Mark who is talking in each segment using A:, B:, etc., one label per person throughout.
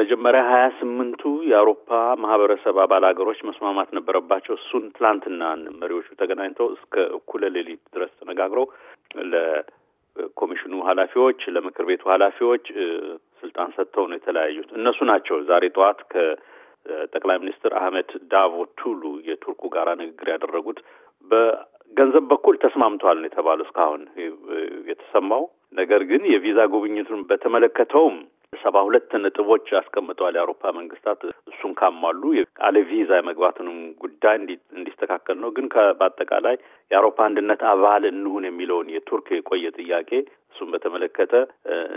A: መጀመሪያ ሀያ ስምንቱ የአውሮፓ ማህበረሰብ አባል ሀገሮች መስማማት ነበረባቸው። እሱን ትላንትና መሪዎቹ ተገናኝተው እስከ እኩለ ሌሊት ድረስ ተነጋግረው ለኮሚሽኑ ኃላፊዎች ለምክር ቤቱ ኃላፊዎች ስልጣን ሰጥተው ነው የተለያዩት። እነሱ ናቸው ዛሬ ጠዋት ከጠቅላይ ሚኒስትር አህመድ ዳቮቱሉ የቱርኩ ጋራ ንግግር ያደረጉት። በገንዘብ በኩል ተስማምተዋል ነው የተባለው እስካሁን የተሰማው ነገር ግን የቪዛ ጉብኝቱን በተመለከተውም ሰባ ሁለት ነጥቦች አስቀምጠዋል የአውሮፓ መንግስታት። እሱን ካሟሉ አለ ቪዛ የመግባትንም ጉዳይ እንዲስተካከል ነው። ግን በአጠቃላይ የአውሮፓ አንድነት አባል እንሁን የሚለውን የቱርክ የቆየ ጥያቄ እሱን በተመለከተ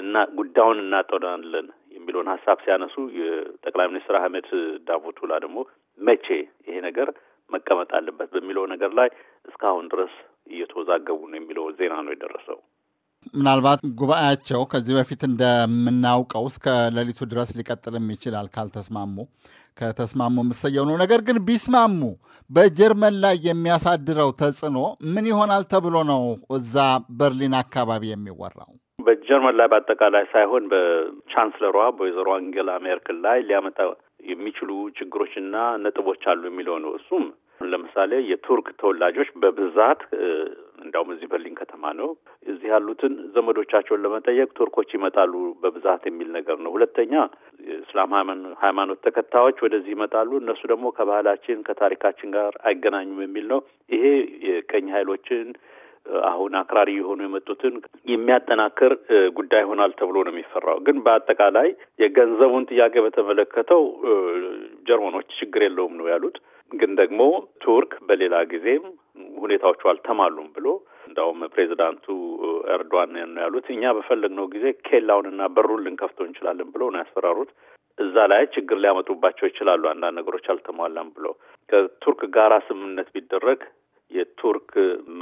A: እና ጉዳዩን እናጠናለን የሚለውን ሀሳብ ሲያነሱ የጠቅላይ ሚኒስትር አህመድ ዳቮቱላ ደግሞ መቼ ይሄ ነገር መቀመጥ አለበት በሚለው ነገር ላይ እስካሁን ድረስ እየተወዛገቡ ነው የሚለው ዜና ነው የደረሰው።
B: ምናልባት ጉባኤያቸው ከዚህ በፊት እንደምናውቀው እስከ ሌሊቱ ድረስ ሊቀጥልም ይችላል ካልተስማሙ። ከተስማሙ የምትሰየው ነው። ነገር ግን ቢስማሙ በጀርመን ላይ የሚያሳድረው ተጽዕኖ ምን ይሆናል ተብሎ ነው እዛ በርሊን አካባቢ የሚወራው?
A: በጀርመን ላይ በአጠቃላይ ሳይሆን በቻንስለሯ በወይዘሮ አንጌላ ሜርክል ላይ ሊያመጣ የሚችሉ ችግሮችና ነጥቦች አሉ የሚለው ነው። እሱም ለምሳሌ የቱርክ ተወላጆች በብዛት እንዲያውም እዚህ በርሊን ከተማ ነው። እዚህ ያሉትን ዘመዶቻቸውን ለመጠየቅ ቱርኮች ይመጣሉ በብዛት የሚል ነገር ነው። ሁለተኛ የእስላም ሃይማኖት ተከታዮች ወደዚህ ይመጣሉ። እነሱ ደግሞ ከባህላችን ከታሪካችን ጋር አይገናኙም የሚል ነው። ይሄ የቀኝ ኃይሎችን አሁን አክራሪ የሆኑ የመጡትን የሚያጠናክር ጉዳይ ይሆናል ተብሎ ነው የሚፈራው። ግን በአጠቃላይ የገንዘቡን ጥያቄ በተመለከተው ጀርመኖች ችግር የለውም ነው ያሉት። ግን ደግሞ ቱርክ በሌላ ጊዜም ሁኔታዎቹ አልተሟሉም ብሎ እንዳውም ፕሬዚዳንቱ ኤርዶዋን ነው ያሉት፣ እኛ በፈለግነው ጊዜ ኬላውንና በሩን ልንከፍተው እንችላለን ብሎ ነው ያስፈራሩት። እዛ ላይ ችግር ሊያመጡባቸው ይችላሉ፣ አንዳንድ ነገሮች አልተሟላም ብሎ ከቱርክ ጋራ ስምምነት ቢደረግ የቱርክ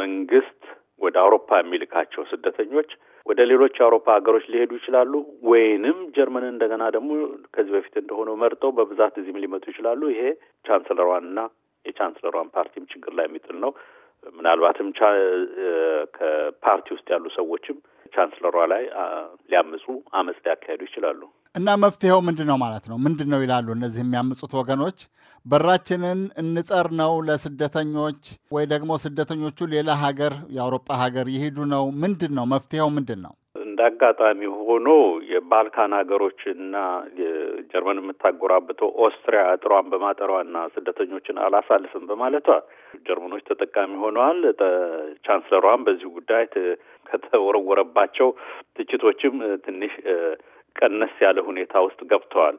A: መንግስት ወደ አውሮፓ የሚልካቸው ስደተኞች ወደ ሌሎች የአውሮፓ ሀገሮች ሊሄዱ ይችላሉ፣ ወይንም ጀርመን እንደገና ደግሞ ከዚህ በፊት እንደሆነው መርጠው በብዛት እዚህም ሊመጡ ይችላሉ። ይሄ ቻንስለሯንና የቻንስለሯን ፓርቲም ችግር ላይ የሚጥል ነው። ምናልባትም ከፓርቲ ውስጥ ያሉ ሰዎችም ቻንስለሯ ላይ ሊያምፁ አመፅ ሊያካሄዱ ይችላሉ።
B: እና መፍትሄው ምንድን ነው ማለት ነው? ምንድን ነው ይላሉ እነዚህ የሚያምፁት ወገኖች። በራችንን እንጸር ነው ለስደተኞች ወይ ደግሞ ስደተኞቹ ሌላ ሀገር የአውሮፓ ሀገር ይሄዱ ነው? ምንድን ነው መፍትሄው? ምንድን ነው?
A: እንደ አጋጣሚ ሆኖ የባልካን ሀገሮች እና ጀርመን የምታጎራብተው ኦስትሪያ እጥሯን በማጠሯና ስደተኞችን አላሳልፍም በማለቷ ጀርመኖች ተጠቃሚ ሆነዋል። ቻንስለሯን በዚህ ጉዳይ ከተወረወረባቸው ትችቶችም ትንሽ ቀነስ ያለ ሁኔታ ውስጥ ገብተዋል።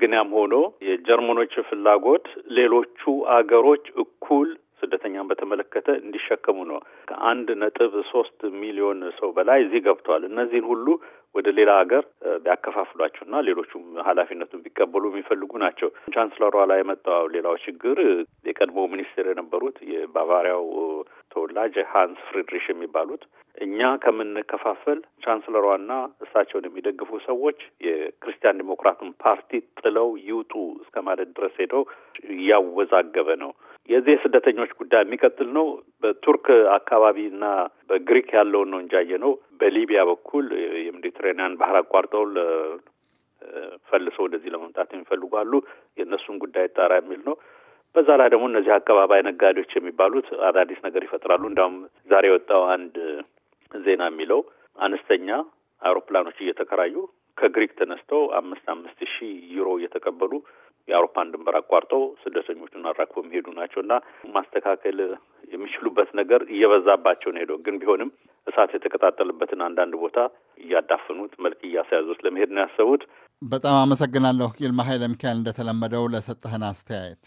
A: ግን ያም ሆኖ የጀርመኖች ፍላጎት ሌሎቹ አገሮች እኩል ስደተኛን በተመለከተ እንዲሸከሙ ነው። ከአንድ ነጥብ ሶስት ሚሊዮን ሰው በላይ እዚህ ገብተዋል። እነዚህን ሁሉ ወደ ሌላ ሀገር ቢያከፋፍሏቸውና ሌሎቹም ኃላፊነቱን ቢቀበሉ የሚፈልጉ ናቸው። ቻንስለሯ ላይ የመጣው ሌላው ችግር የቀድሞ ሚኒስትር የነበሩት የባቫሪያው ተወላጅ ሃንስ ፍሪድሪሽ የሚባሉት እኛ ከምንከፋፈል ቻንስለሯና እሳቸውን የሚደግፉ ሰዎች የክርስቲያን ዲሞክራቱን ፓርቲ ጥለው ይውጡ እስከ ማለት ድረስ ሄደው እያወዛገበ ነው። የዚህ የስደተኞች ጉዳይ የሚቀጥል ነው። በቱርክ አካባቢና በግሪክ ያለውን ነው እንጃየ ነው። በሊቢያ በኩል የሜዲትሬኒያን ባህር አቋርጠው ፈልሶ ወደዚህ ለመምጣት የሚፈልጉ አሉ። የእነሱን ጉዳይ ጣራ የሚል ነው። በዛ ላይ ደግሞ እነዚህ አካባቢ ነጋዴዎች የሚባሉት አዳዲስ ነገር ይፈጥራሉ። እንዲያውም ዛሬ የወጣው አንድ ዜና የሚለው አነስተኛ አውሮፕላኖች እየተከራዩ ከግሪክ ተነስተው አምስት አምስት ሺህ ዩሮ እየተቀበሉ የአውሮፓን ድንበር አቋርጠው ስደተኞቹን አራክበው የሚሄዱ ናቸው እና ማስተካከል የሚችሉበት ነገር እየበዛባቸው ነው ሄደው ግን ቢሆንም እሳት የተቀጣጠልበትን አንዳንድ ቦታ እያዳፍኑት መልክ እያስያዙት ለመሄድ ነው ያሰቡት።
B: በጣም አመሰግናለሁ ይልማ ኃይለ ሚካኤል እንደተለመደው ለሰጠህን አስተያየት።